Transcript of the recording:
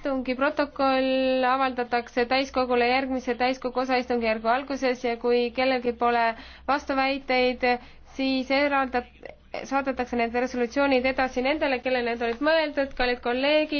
istungi protokoll avaldatakse täiskogule järgmise täiskogu osaistungjärgu alguses ja kui kellelgi pole vastuväiteid, siis eraldab, saadetakse need resolutsioonid edasi nendele, kellele need olid mõeldud, kallid kolleegid.